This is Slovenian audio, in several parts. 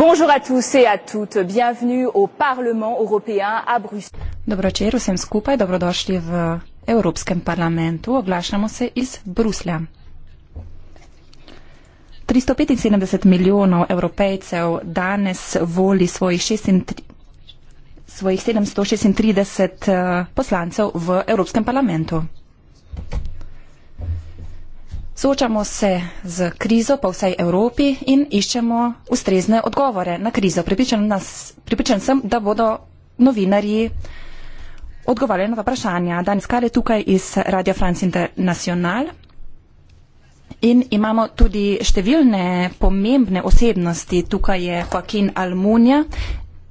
Bonjour à tous et à toutes. Bienvenue au Parlement européen à Bruxelles. Dobro večer vsem skupaj, dobrodošli v Evropskem parlamentu. Oglašamo se iz Bruslja. 375 milijonov evropejcev danes voli svojih, 36, svojih 736 eh, poslancev v Evropskem parlamentu. Soočamo se z krizo po vsej Evropi in iščemo ustrezne odgovore na krizo. Pripričan sem, da bodo novinarji odgovarjali na ta vprašanja. Danes kar je tukaj iz Radio France International in imamo tudi številne pomembne osebnosti. Tukaj je Joaquin Almunia,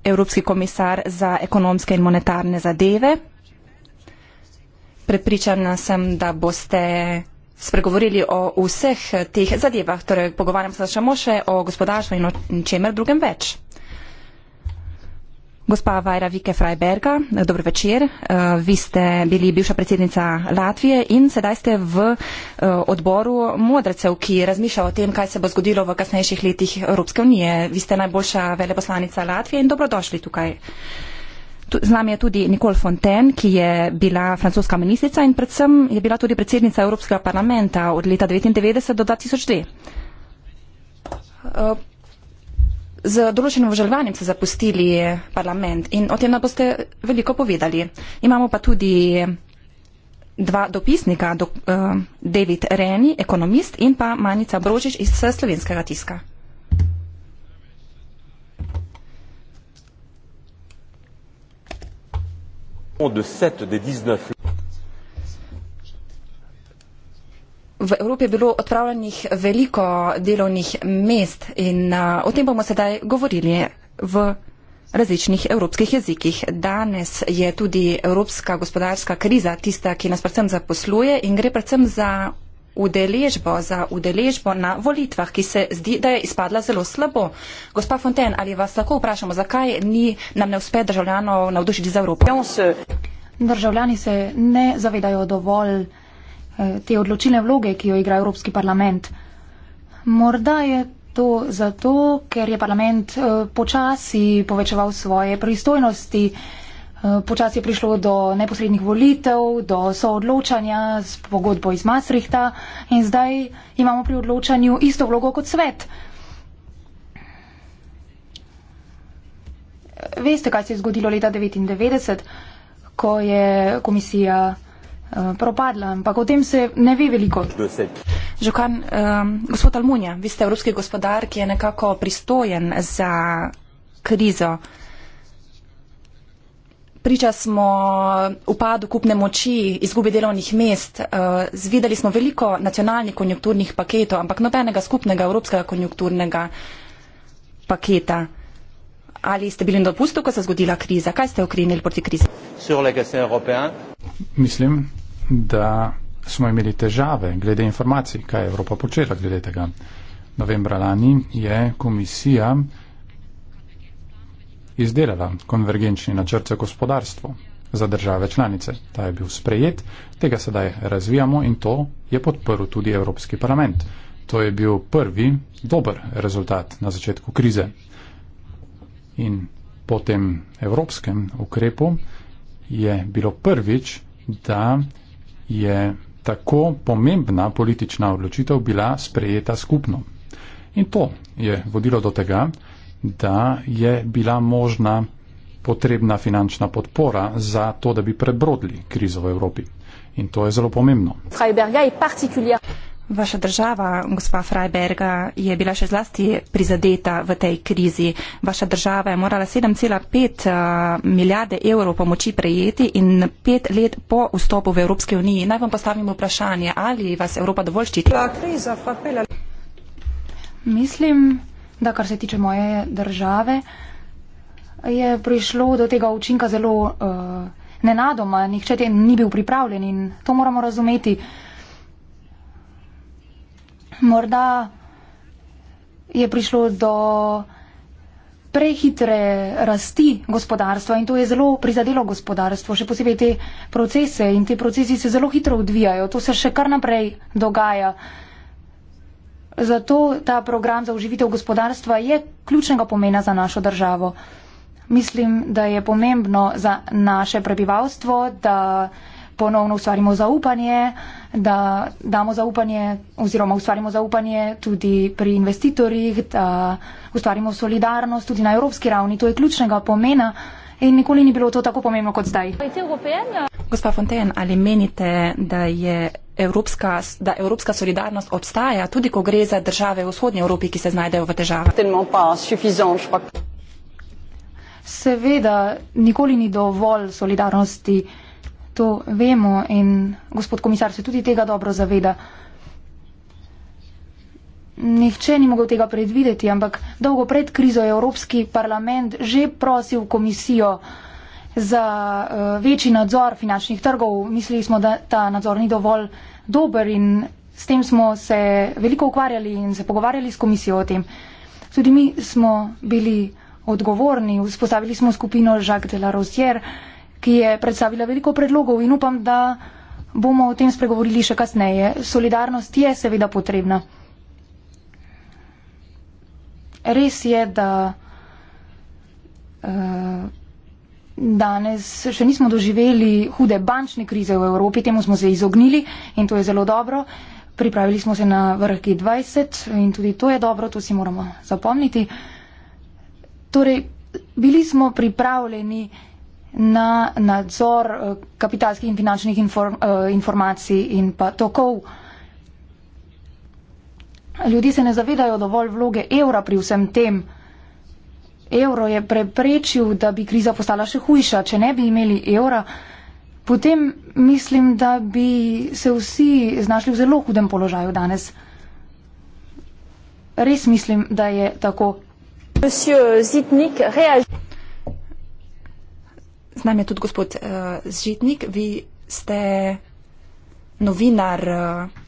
evropski komisar za ekonomske in monetarne zadeve. Prepričana sem, da boste spregovorili o vseh teh zadevah. Torej, pogovarjamo se samo še o gospodarstvu in o čemer drugem več. Gospa Vajra Vike Freiberga, dobro večer. Eh, vi ste bili bivša predsednica Latvije in sedaj ste v eh, odboru modrecev, ki razmišlja o tem, kaj se bo zgodilo v kasnejših letih Evropske unije. Vi ste najboljša veleposlanica Latvije in dobrodošli tukaj. Uh, Z nami je tudi Nicole Fontaine, ki je bila francoska ministrica in predvsem je bila tudi predsednica Evropskega parlamenta od leta 1999 do 2002. Eh, z določenim vželjvanjem ste zapustili parlament in o tem nam boste veliko povedali. Imamo pa tudi dva dopisnika, do, uh, David Reni, ekonomist, in pa Manica Brožič iz slovenskega tiska. de 7 des 19. V Evropi je bilo odpravljenih veliko delovnih mest in o tem bomo sedaj govorili v različnih evropskih jezikih. Danes je tudi evropska gospodarska kriza tista, ki nas predvsem zaposluje in gre predvsem za udeležbo, za udeležbo na volitvah, ki se zdi, da je izpadla zelo slabo. Gospa Fonten, ali vas lahko vprašamo, zakaj ni, nam ne uspe državljanov navdušiti za Evropo? Državljani se ne zavedajo dovolj eh, te odločilne vloge, ki jo igra Evropski parlament. Morda je to zato, ker je parlament eh, počasi povečeval svoje pristojnosti. Eh, počasi je prišlo do neposrednih volitev, do soodločanja s pogodbo iz Maastrichta in zdaj imamo pri odločanju isto vlogo kot svet. Veste, kaj se je zgodilo leta 1999, ko je komisija eh, propadla, ampak o tem se ne ve veliko. Žukan, um, gospod Almunja, vi ste evropski gospodar, ki je nekako pristojen za krizo priča smo uh, upadu kupne moči, izgubi delovnih mest, uh, zvideli smo veliko nacionalnih konjunkturnih paketov, ampak nobenega skupnega evropskega konjunkturnega paketa. Ali ste bili na dopustu, ko se je zgodila kriza? Kaj ste okrenili proti krizi? Mislim, da smo imeli težave glede informacij, kaj je Evropa počela glede tega. Novembra lani je komisija izdelala konvergenčni načrt za gospodarstvo za države članice. Ta je bil sprejet, tega sedaj razvijamo in to je podprl tudi Evropski parlament. To je bil prvi dober rezultat na začetku krize. In po tem evropskem ukrepu je bilo prvič, da je tako pomembna politična odločitev bila sprejeta skupno. In to je vodilo do tega, da je bila možna potrebna finančna podpora za to, da bi prebrodili krizo v Evropi. In to je zelo pomembno. Vaša država, gospa Freiberga, je bila še zlasti prizadeta v tej krizi. Vaša država je morala 7,5 eh, milijarde evrov pomoči prejeti in pet let po vstopu v Evropske unije. Naj vam postavim vprašanje, ali vas Evropa dovolj ščiti? Mislim, da kar se tiče moje države, je prišlo do tega učinka zelo uh, nenadoma, nihče te ni bil pripravljen in to moramo razumeti. Morda je prišlo do prehitre rasti gospodarstva in to je zelo prizadelo gospodarstvo, še posebej te procese in te procesi se zelo hitro odvijajo, to se še kar naprej dogaja. Uh, Zato ta program za oživitev gospodarstva je ključnega pomena za našo državo. Mislim, da je pomembno za naše prebivalstvo, da ponovno ustvarimo zaupanje, da damo zaupanje oziroma ustvarimo zaupanje tudi pri investitorjih, da ustvarimo solidarnost tudi na evropski ravni. To je ključnega pomena, in nikoli ni bilo to tako pomembno kot zdaj. Gospa Fonten, ali menite, da, evropska, da evropska solidarnost obstaja, tudi ko gre za države v vzhodnji Evropi, ki se znajdejo v težavah? Seveda, nikoli ni dovolj solidarnosti. To vemo in gospod komisar se tudi tega dobro zaveda. Nihče ni mogel tega predvideti, ampak dolgo pred krizo je Evropski parlament že prosil komisijo za uh, večji nadzor finančnih trgov. Mislili smo, da ta nadzor ni dovolj dober in s tem smo se veliko ukvarjali in se pogovarjali s komisijo o tem. Tudi mi smo bili odgovorni, vzpostavili smo skupino Jacques de la Rosière, ki je predstavila veliko predlogov in upam, da bomo o tem spregovorili še kasneje. Solidarnost je seveda potrebna res je, da uh, danes še nismo doživeli hude bančne krize v Evropi, temu smo se izognili in to je zelo dobro. Pripravili smo se na vrh G20 in tudi to je dobro, to si moramo zapomniti. Torej, bili smo pripravljeni na nadzor eh, kapitalskih in finančnih inform, eh, informacij in pa tokov uh, ljudi se ne zavedajo dovolj vloge evra pri vsem tem. Evro je preprečil, da bi kriza postala še hujša, če ne bi imeli evra. Potem mislim, da bi se vsi znašli v zelo hudem položaju danes. Res mislim, da je tako. Zitnik, Z nami je tudi gospod uh, Zitnik, vi ste novinar. Uh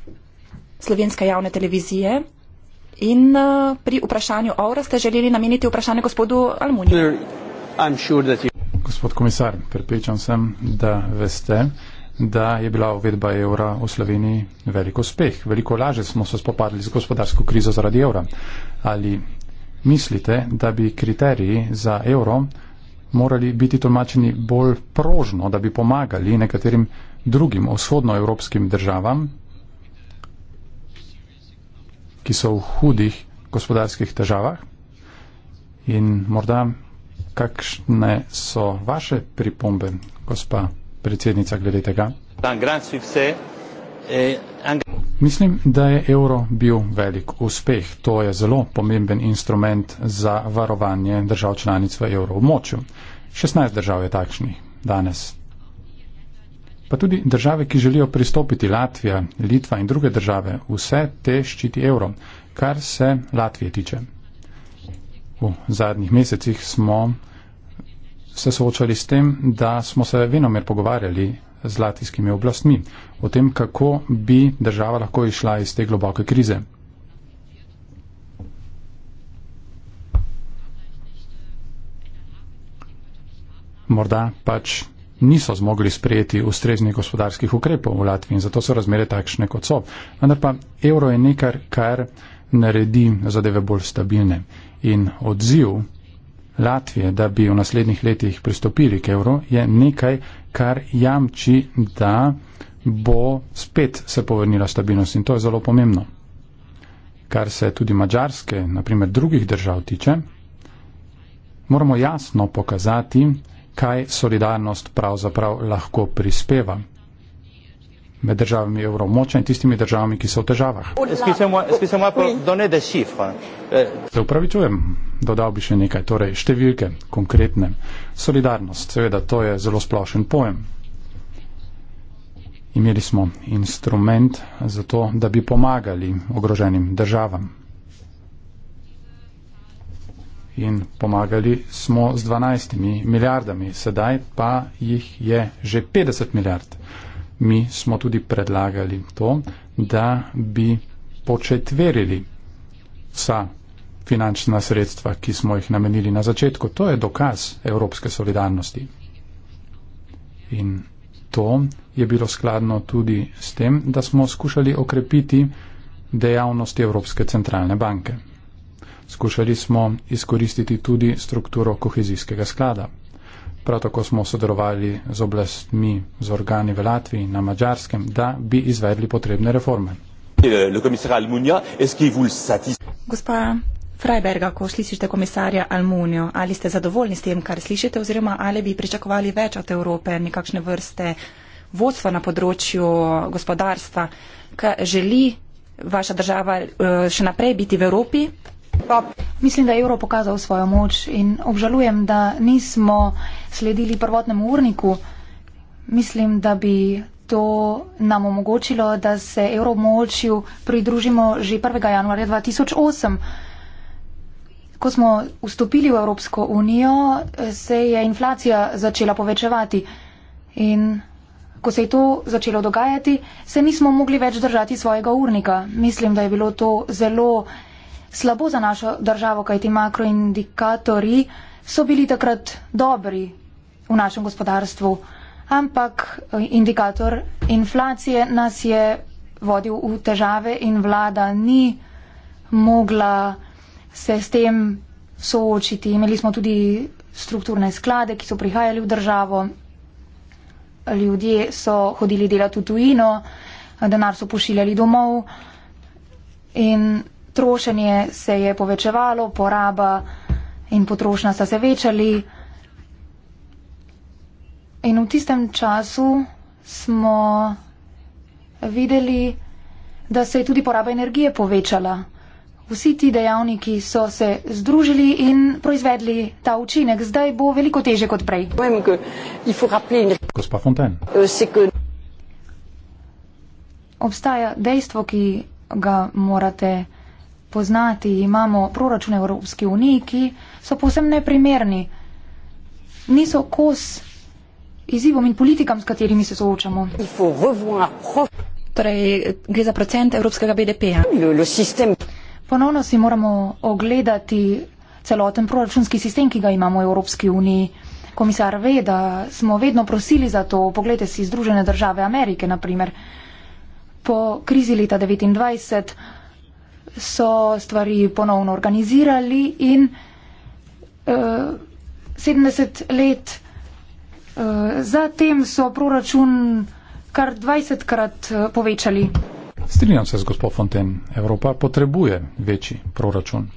slovenske javne televizije. In uh, pri vprašanju Aura ste želeli nameniti vprašanje gospodu Almuniju. Gospod komisar, pripričan sem, da veste, da je bila uvedba evra v Sloveniji veliko uspeh. Veliko laže smo se spopadli z gospodarsko krizo zaradi evra. Ali mislite, da bi kriteriji za evro morali biti tolmačeni bolj prožno, da bi pomagali nekaterim drugim vzhodnoevropskim državam, ki so v hudih gospodarskih težavah in morda kakšne so vaše pripombe, gospa predsednica, glede tega. Mislim, da je evro bil velik uspeh. To je zelo pomemben instrument za varovanje držav članic v evroobmočju. 16 držav je takšnih danes pa tudi države, ki želijo pristopiti Latvija, Litva in druge države, vse te ščiti evro, kar se Latvije tiče. V zadnjih mesecih smo se soočali s tem, da smo se venomer pogovarjali z latijskimi oblastmi o tem, kako bi država lahko išla iz te globoke krize. Morda pač niso zmogli sprejeti ustreznih gospodarskih ukrepov v Latviji in zato so razmere takšne, kot so. Vendar pa evro je nekaj, kar naredi zadeve bolj stabilne. In odziv Latvije, da bi v naslednjih letih pristopili k evro, je nekaj, kar jamči, da bo spet se povrnila stabilnost in to je zelo pomembno. Kar se tudi Mačarske, naprimer drugih držav tiče, moramo jasno pokazati, kaj solidarnost pravzaprav lahko prispeva med državami evromoča in tistimi državami, ki so v težavah. Euh, Se upravičujem, dodal bi še nekaj, torej številke, konkretne. Solidarnost, seveda, to je zelo splošen pojem. Imeli smo instrument za to, da bi pomagali ogroženim državam in pomagali smo z 12 milijardami, sedaj pa jih je že 50 milijard. Mi smo tudi predlagali to, da bi početverili vsa finančna sredstva, ki smo jih namenili na začetku. To je dokaz evropske solidarnosti. In to je bilo skladno tudi s tem, da smo skušali okrepiti dejavnosti Evropske centralne banke. Skušali smo izkoristiti tudi strukturo kohezijskega sklada. Prav tako smo sodelovali z oblastmi, z organi v Latviji, na Mačarskem, da bi izvedli potrebne reforme. Gospa Freiberga, ko slišite komisarja Almunijo, ali ste zadovoljni s tem, kar slišite, oziroma ali bi pričakovali več od Evrope, nekakšne vrste vodstva na področju gospodarstva, ki želi vaša država eh, še naprej biti v Evropi, Mislim, da je evro pokazal svojo moč in obžalujem, da nismo sledili prvotnemu urniku. Mislim, da bi to nam omogočilo, da se evro močju pridružimo že 1. januarja 2008. Ko smo vstopili v Evropsko unijo, se je inflacija začela povečevati in ko se je to začelo dogajati, se nismo mogli več držati svojega urnika. Mislim, da je bilo to zelo slabo za našo državo, kajti makroindikatori so bili takrat dobri v našem gospodarstvu, ampak eh, indikator inflacije nas je vodil v težave in vlada ni mogla se s tem soočiti. Imeli smo tudi strukturne sklade, ki so prihajali v državo, ljudje so hodili delati v tujino, denar so pošiljali domov in trošenje se je povečevalo, poraba in potrošnja sta se večali. In v tistem času smo videli, da se je tudi poraba energije povečala. Vsi ti dejavniki so se združili in proizvedli ta učinek. Zdaj bo veliko teže kot prej. Gospa Fonten. Obstaja dejstvo, ki ga morate poznati, imamo proračune Evropske unije, ki so posem neprimerni, niso kos izzivom in politikam, s katerimi se soočamo. Torej, gre za procent evropskega BDP-ja. Ponovno si moramo ogledati celoten proračunski sistem, ki ga imamo v Evropski uniji. Komisar ve, da smo vedno prosili za to. Poglejte si Združene države Amerike, naprimer. Po krizi leta 1929 so stvari ponovno organizirali in uh, eh, 70 let uh, eh, zatem so proračun kar 20 krat eh, povečali. Strinjam se z gospod Fonten, Evropa potrebuje večji proračun.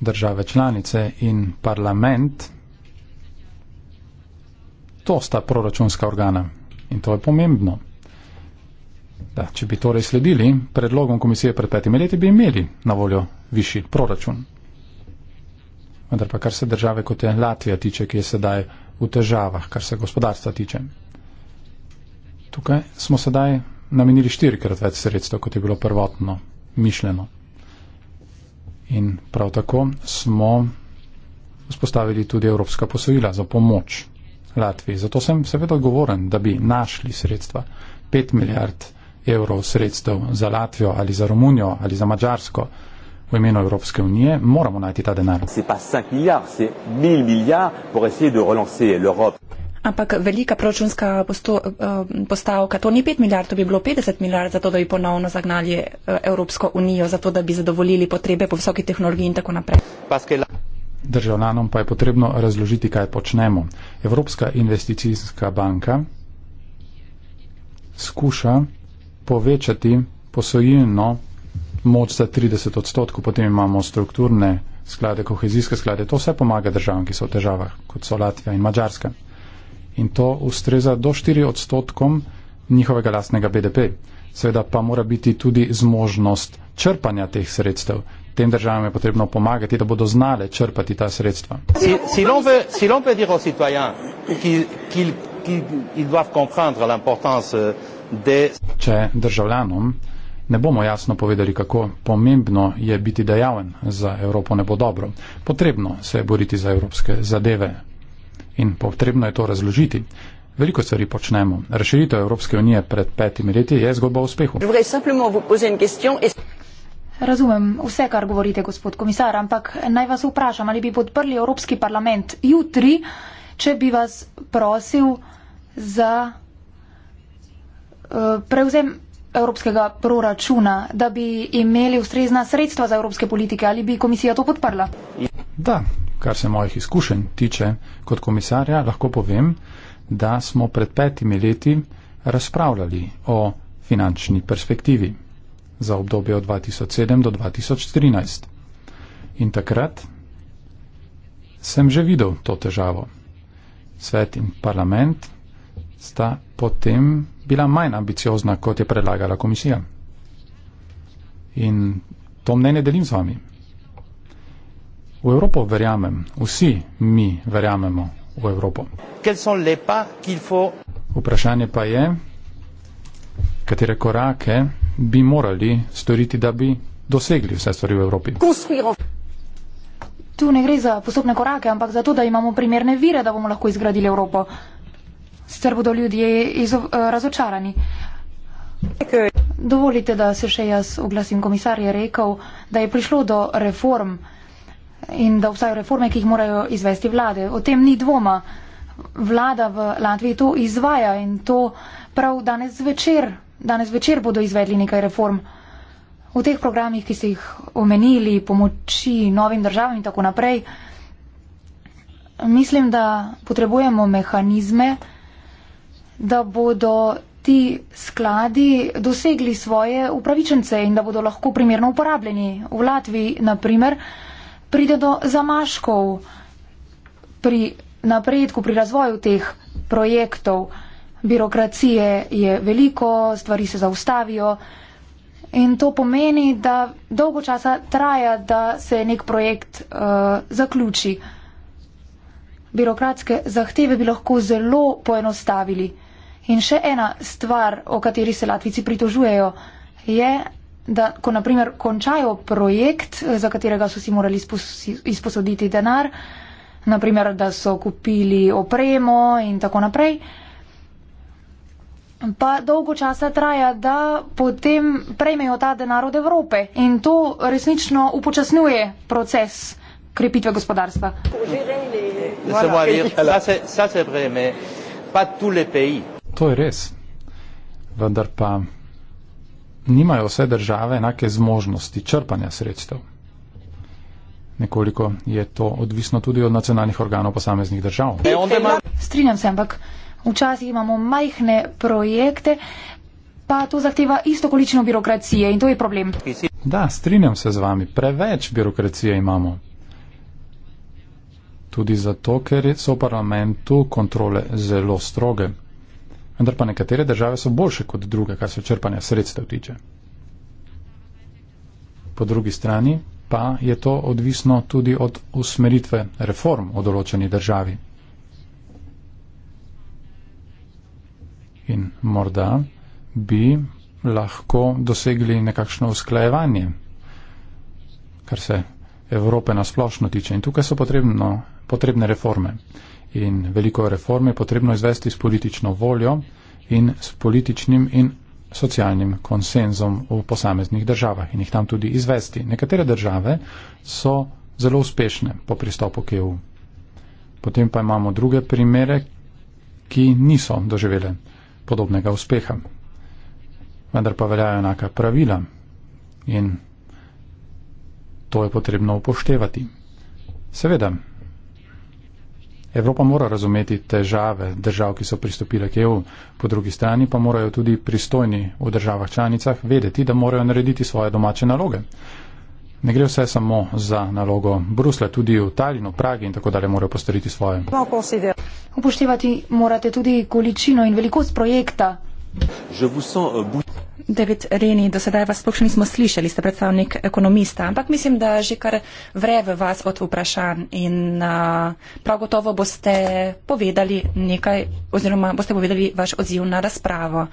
Države članice in parlament, to sta proračunska organa in to je pomembno. Da, če bi torej sledili predlogom komisije pred petimi leti, bi imeli na voljo višji proračun. Vendar pa kar se države kot je Latvija tiče, ki je sedaj v težavah, kar se gospodarstva tiče. Tukaj smo sedaj namenili štirikrat več sredstev, kot je bilo prvotno mišljeno. In prav tako smo vzpostavili tudi evropska posojila za pomoč Latviji. Zato sem seveda odgovoren, da bi našli sredstva 5 milijard evrov sredstev za Latvijo ali za Romunijo ali za Mačarsko v imenu Evropske unije, moramo najti ta denar. Ampak velika proračunska eh, postavka, to ni 5 milijard, to bi bilo 50 milijard, zato da bi ponovno zagnali eh, Evropsko unijo, zato da bi zadovoljili potrebe po visoki tehnologiji in tako naprej. Državljanom pa je potrebno razložiti, kaj počnemo. Evropska investicijska banka skuša povečati posojilno moč za 30 odstotkov, potem imamo strukturne sklade, kohezijske sklade. To vse pomaga državam, ki so v težavah, kot so Latvija in Mačarska. In to ustreza do 4 odstotkom njihovega lastnega BDP. Seveda pa mora biti tudi zmožnost črpanja teh sredstev. Tem državam je potrebno pomagati, da bodo znale črpati ta sredstva. Si, si de... Če državljanom ne bomo jasno povedali, kako pomembno je biti dejaven za Evropo, ne bo dobro. Potrebno se je boriti za evropske zadeve in potrebno je to razložiti. Veliko stvari počnemo. Razširitev Evropske unije pred petimi leti je zgodba o uspehu. Razumem vse, kar govorite, gospod komisar, ampak naj vas vprašam, ali bi podprli Evropski parlament jutri, če bi vas prosil za Eh, prevzem evropskega proračuna, da bi imeli ustrezna sredstva za evropske politike ali bi komisija to podprla? Da, kar se mojih izkušenj tiče kot komisarja, lahko povem, da smo pred petimi leti razpravljali o finančni perspektivi za obdobje od 2007 do 2013. In takrat sem že videl to težavo. Svet in parlament sta potem bila manj ambiciozna, kot je predlagala komisija. In to mnenje delim z vami. V Evropo verjamem, vsi mi verjamemo v Evropo. Vprašanje pa je, katere korake bi morali storiti, da bi dosegli vse stvari v Evropi. Tu ne gre za posobne korake, ampak za to, da imamo primerne vire, da bomo lahko izgradili Evropo sicer bodo ljudje izov, eh, razočarani. Dovolite, da se še jaz oglasim. Komisar je rekel, da je prišlo do reform in da obstajajo reforme, ki jih morajo izvesti vlade. O tem ni dvoma. Vlada v Latviji to izvaja in to prav danes večer. Danes večer bodo izvedli nekaj reform. V teh programih, ki ste jih omenili, pomoči novim državam in tako naprej, mislim, da potrebujemo mehanizme, da bodo ti skladi dosegli svoje upravičence in da bodo lahko primerno uporabljeni. V Latviji, na primer, pride do zamaškov pri napredku, pri razvoju teh projektov. Birokracije je veliko, stvari se zaustavijo in to pomeni, da dolgo časa traja, da se nek projekt uh, zaključi. Birokratske zahteve bi lahko zelo poenostavili. In še ena stvar, o kateri se Latvici pritožujejo, je, da ko naprimer končajo projekt, za katerega so si morali izposoditi denar, naprimer, da so kupili opremo in tako naprej, pa dolgo časa traja, da potem prejmejo ta denar od Evrope in to resnično upočasnjuje proces krepitve gospodarstva. Voilà. Ça, ça, ça, To je res. Vendar pa nimajo vse države enake zmožnosti črpanja sredstev. Nekoliko je to odvisno tudi od nacionalnih organov posameznih držav. E, strinjam se, ampak včasih imamo majhne projekte, pa to zahteva isto količino birokracije in to je problem. Da, strinjam se z vami, preveč birokracije imamo. Tudi zato, ker so v parlamentu kontrole zelo stroge vendar pa nekatere države so boljše kot druge, kar se črpanja sredstev tiče. Po drugi strani pa je to odvisno tudi od usmeritve reform v določeni državi. In morda bi lahko dosegli nekakšno usklajevanje, kar se Evrope nasplošno tiče. In tukaj so potrebno, potrebne reforme in veliko reform je potrebno izvesti s politično voljo in s političnim in socialnim konsenzom v posameznih državah in jih tam tudi izvesti. Nekatere države so zelo uspešne po pristopu k EU. Potem pa imamo druge primere, ki niso doživele podobnega uspeha. Vendar pa veljajo enaka pravila in to je potrebno upoštevati. Seveda, Evropa mora razumeti težave držav, ki so pristopile k EU. Po drugi strani pa morajo tudi pristojni v državah članicah vedeti, da morajo narediti svoje domače naloge. Ne gre vse samo za nalogo Brusla, tudi v Talinu, Pragi in tako dalje morajo postoriti svoje. Upoštevati morate tudi količino in velikost projekta. David Reni, do sedaj vas sploh še nismo slišali, ste predstavnik ekonomista, ampak mislim, da že kar vre v vas od vprašanj in uh, prav gotovo boste povedali nekaj oziroma boste povedali vaš odziv na razpravo.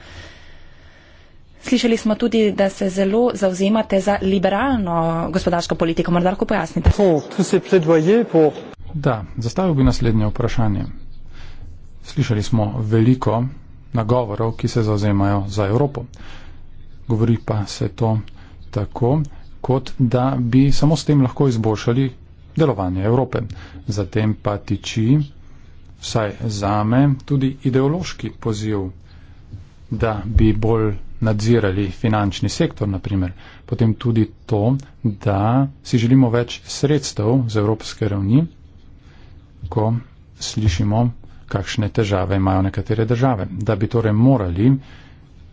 Slišali smo tudi, da se zelo zauzemate za liberalno gospodarsko politiko. Morda lahko pojasnite. Da, zastavil bi naslednje vprašanje. Slišali smo veliko nagovorov, ki se zauzemajo za Evropo govori pa se to tako, kot da bi samo s tem lahko izboljšali delovanje Evrope. Zatem pa tiči, vsaj zame, tudi ideološki poziv, da bi bolj nadzirali finančni sektor, naprimer. Potem tudi to, da si želimo več sredstev z evropske ravni, ko slišimo, kakšne težave imajo nekatere države. Da bi torej morali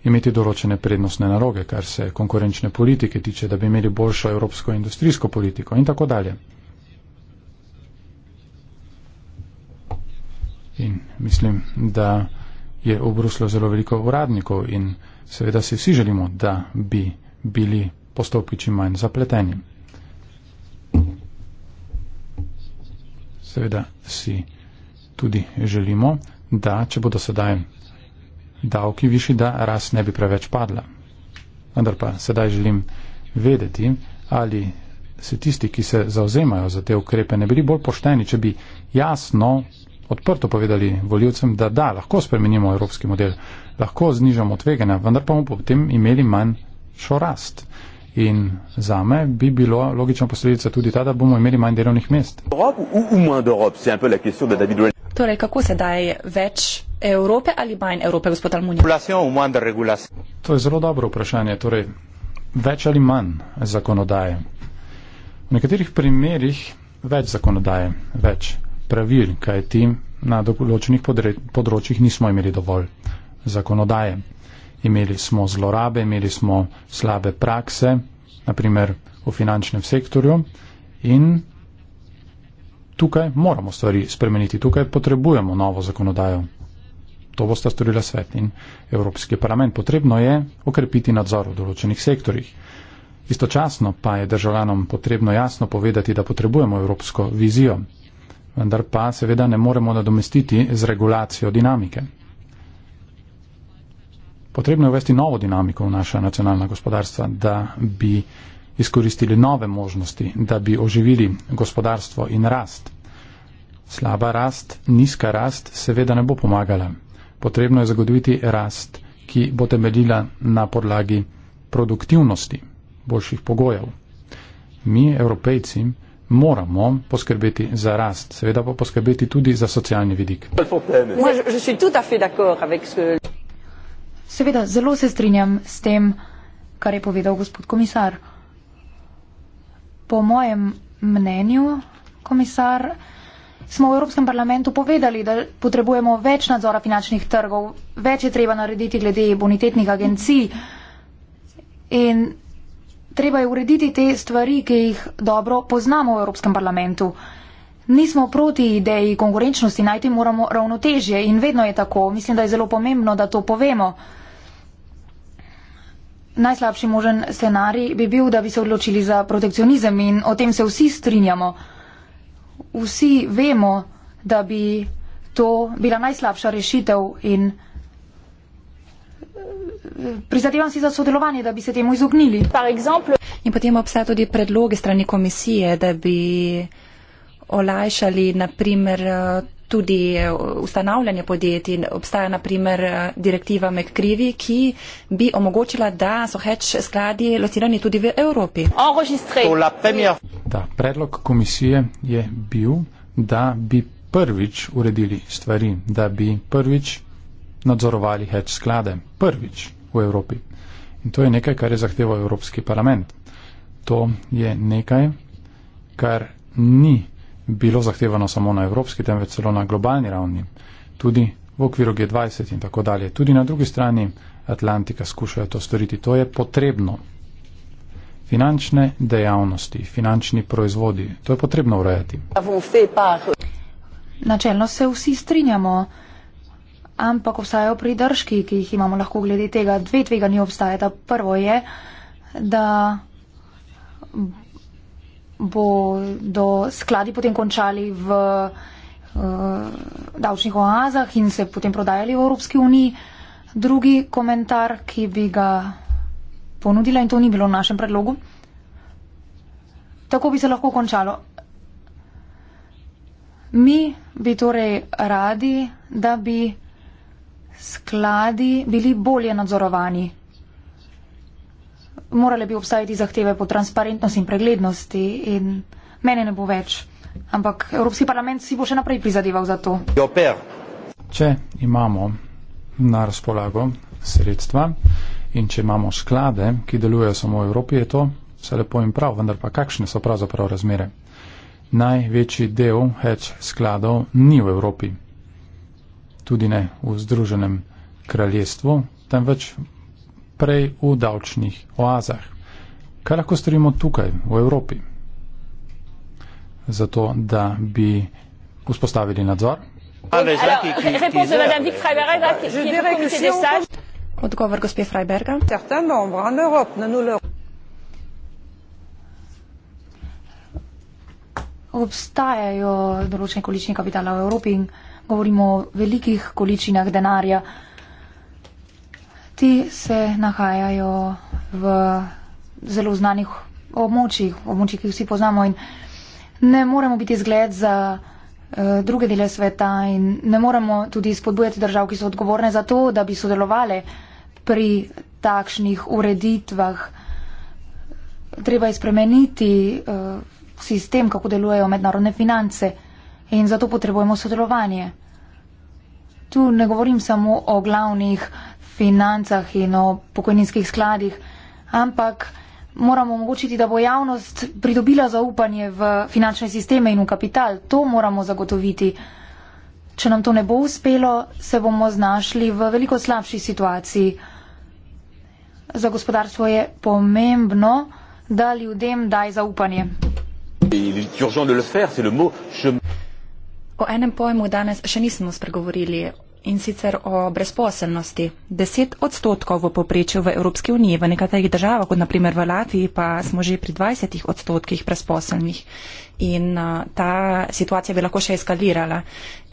imeti določene prednostne naroge, kar se konkurenčne politike tiče, da bi imeli boljšo evropsko industrijsko politiko in tako dalje. In mislim, da je v Bruslu zelo veliko uradnikov in seveda si vsi želimo, da bi bili postopki čim manj zapleteni. Seveda si tudi želimo, da če bodo sedaj davki višji, da ras ne bi preveč padla. Vendar pa sedaj želim vedeti, ali se tisti, ki se zauzemajo za te ukrepe, ne bili bolj pošteni, če bi jasno, odprto povedali voljivcem, da da, lahko spremenimo evropski model, lahko znižamo tveganja, vendar pa bomo potem imeli manjšo rast. In za me bi bilo logična posledica tudi ta, da bomo imeli manj delovnih mest. Evropa ali manj Evropa, je nekaj, kar je vprašanje Davida Renata. Torej, kako se daje več Evrope ali manj Evrope, gospod Almunija? To je zelo dobro vprašanje. Torej, več ali manj zakonodaje? V nekaterih primerjih več zakonodaje, več pravil, kaj ti na določenih področjih nismo imeli dovolj zakonodaje. Imeli smo zlorabe, imeli smo slabe prakse, naprimer v finančnem sektorju in tukaj moramo stvari spremeniti, tukaj potrebujemo novo zakonodajo. To bo sta storila svet in Evropski parlament. Potrebno je okrepiti nadzor v določenih sektorjih. Istočasno pa je državljanom potrebno jasno povedati, da potrebujemo evropsko vizijo, vendar pa seveda ne moremo nadomestiti z regulacijo dinamike. Potrebno je uvesti novo dinamiko v naša nacionalna gospodarstva, da bi izkoristili nove možnosti, da bi oživili gospodarstvo in rast. Slaba rast, nizka rast seveda ne bo pomagala. Potrebno je zagotoviti rast, ki bo temeljila na podlagi produktivnosti, boljših pogojev. Mi, evropejci, moramo poskrbeti za rast, seveda pa poskrbeti tudi za socialni vidik. Seveda, zelo se strinjam s tem, kar je povedal gospod komisar po mojem mnenju, komisar, smo v Evropskem parlamentu povedali, da potrebujemo več nadzora finančnih trgov, več je treba narediti glede bonitetnih agencij in treba je urediti te stvari, ki jih dobro poznamo v Evropskem parlamentu. Nismo proti ideji konkurenčnosti, najti moramo ravnotežje in vedno je tako. Mislim, da je zelo pomembno, da to povemo najslabši možen scenarij bi bil, da bi se odločili za protekcionizem in o tem se vsi strinjamo. Vsi vemo, da bi to bila najslabša rešitev in eh, prizadevam si za sodelovanje, da bi se temu izognili. In potem obstaja tudi predloge strani komisije, da bi olajšali naprimer eh, tudi eh, ustanavljanje podjetij. Obstaja naprimer eh, direktiva McCreevy, ki bi omogočila, da so hedge skladi locirani tudi v Evropi. Ta predlog komisije je bil, da bi prvič uredili stvari, da bi prvič nadzorovali hedge sklade. Prvič v Evropi. In to je nekaj, kar je zahteval Evropski parlament. To je nekaj, kar ni bilo zahtevano samo na evropski, temveč celo na globalni ravni, tudi v okviru G20 in tako dalje. Tudi na drugi strani Atlantika skušajo to storiti. To je potrebno. Finančne dejavnosti, finančni proizvodi, to je potrebno urejati. Načelno se vsi strinjamo, ampak obstajajo pridržki, ki jih imamo lahko glede tega. Dve tveganji obstajata. Prvo je, da bodo skladi potem končali v uh, davčnih oazah in se potem prodajali v Evropski uniji. Drugi komentar, ki bi ga ponudila in to ni bilo v našem predlogu. Tako bi se lahko končalo. Mi bi torej radi, da bi skladi bili bolje nadzorovani morale bi obstajati zahteve po transparentnosti in preglednosti in mene ne bo več. Ampak Evropski parlament si bo še naprej prizadeval za to. Če imamo na razpolago sredstva in če imamo sklade, ki delujejo samo v Evropi, je to vse lepo in prav, vendar pa kakšne so pravzaprav razmere? Največji del hedge skladov ni v Evropi, tudi ne v Združenem kraljestvu, temveč prej v davčnih oazah. Kaj lahko storimo tukaj, v Evropi? Zato, da bi vzpostavili nadzor. Odgovor gospe Freiberga. Obstajajo določene količine kapitala v Evropi in govorimo o velikih količinah denarja objekti se nahajajo v zelo znanih območjih, območjih, ki jih vsi poznamo in ne moremo biti zgled za uh, druge dele sveta in ne moremo tudi spodbujati držav, ki so odgovorne za to, da bi sodelovali pri takšnih ureditvah. Treba je spremeniti uh, sistem, kako delujejo mednarodne finance in zato potrebujemo sodelovanje. Tu ne govorim samo o glavnih uh, financah in o pokojninskih skladih, ampak moramo omogočiti, da bo javnost pridobila zaupanje v finančne sisteme in v kapital. To moramo zagotoviti. Če nam to ne bo uspelo, se bomo znašli v veliko slabši situaciji. Za gospodarstvo je pomembno, da ljudem daj zaupanje. O enem pojmu danes še nismo spregovorili, in sicer o brezposelnosti. 10 odstotkov v poprečju v Evropski uniji, v nekaterih državah, kot naprimer v Latviji, pa smo že pri 20 odstotkih brezposelnih. In uh, ta situacija bi lahko še eskalirala.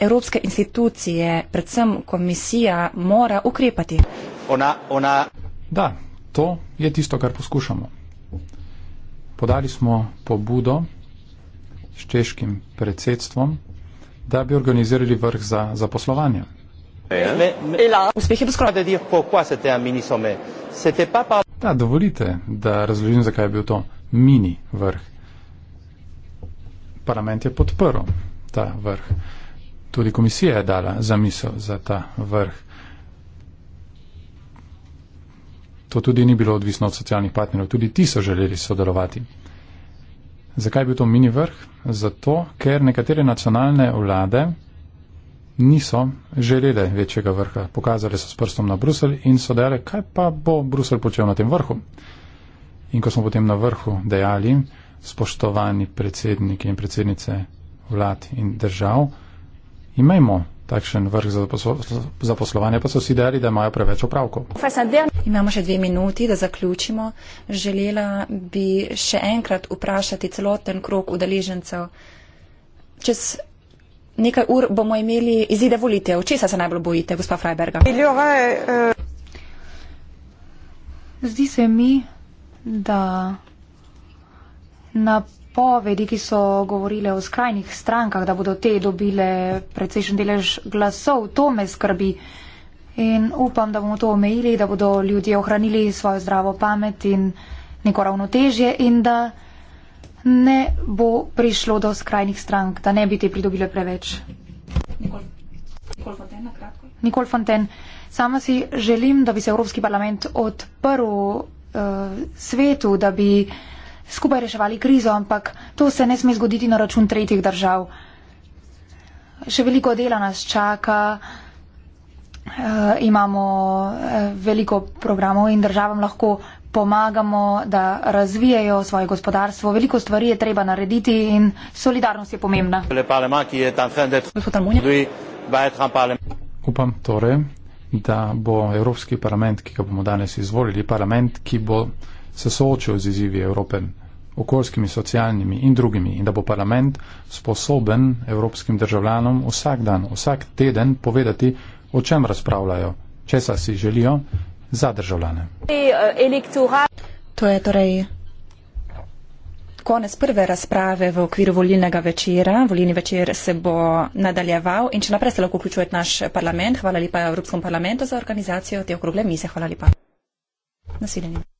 Evropske institucije, predvsem komisija, mora ukrepati. Ona, ona. Da, to je tisto, kar poskušamo. Podali smo pobudo s češkim predsedstvom, da bi organizirali vrh za zaposlovanje. Eh, eh, mais, mais, et là, vous expliquez ce qu'on avait dire pourquoi c'était un mini sommet. C'était pas par. Да, довольте, да разложим за кое то мини верх. Парламент е подпирал та верх. Туди комисия е дала замисъл за та верх. To tudi ni bilo odvisno od socialnih partnerjev, tudi ti so želeli sodelovati. Zakaj je bil to mini vrh? Zato, ker nekatere nacionalne vlade niso želeli večjega vrha. Pokazali so s prstom na Bruselj in so dejali, kaj pa bo Bruselj počel na tem vrhu. In ko smo potem na vrhu dejali, spoštovani predsedniki in predsednice vlad in držav, imajmo takšen vrh za, poslo za poslovanje, pa so si dejali, da imajo preveč opravkov. Imamo še dve minuti, da zaključimo. Želela bi še enkrat vprašati celoten krok udeležencev. Čez nekaj ur bomo imeli izide volitev. Česa se najbolj bojite, gospa Freiberga? Zdi se mi, da napovedi, ki so govorile o skrajnih strankah, da bodo te dobile precejšen delež glasov, to me skrbi. In upam, da bomo to omejili, da bodo ljudje ohranili svojo zdravo pamet in neko ravnotežje in da ne bo prišlo do skrajnih strank, da ne bi te pridobile preveč. Nikol Fonten, sama si želim, da bi se Evropski parlament odprl uh, svetu, da bi skupaj reševali krizo, ampak to se ne sme zgoditi na račun tretjih držav. Še veliko dela nas čaka, uh, imamo uh, veliko programov in državam lahko pomagamo, da razvijajo svoje gospodarstvo. Veliko stvari je treba narediti in solidarnost je pomembna. Upam torej, da bo Evropski parlament, ki ga bomo danes izvolili, parlament, ki bo se soočil z izzivi Evrope okoljskimi, socialnimi in drugimi in da bo parlament sposoben evropskim državljanom vsak dan, vsak teden povedati, o čem razpravljajo, česa si želijo za državljane. To je torej konec prve razprave v okviru volilnega večera. Volilni večer se bo nadaljeval in če naprej se lahko vključuje naš parlament. Hvala lepa Evropskom parlamentu za organizacijo te okrogle mize. Hvala lepa. Nasvidenje.